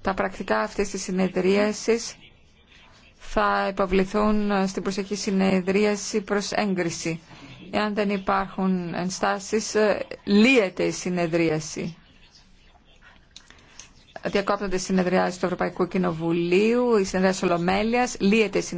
Τα πρακτικά αυτής της συνεδρίασης θα υποβληθούν στην προσεχή συνεδρίαση προς έγκριση. Εάν δεν υπάρχουν ενστάσεις, λύεται η συνεδρίαση. Διακόπτονται οι συνεδριάσεις του Ευρωπαϊκού Κοινοβουλίου, η συνεδρία Ολομέλειας, λύεται η συνεδρίαση.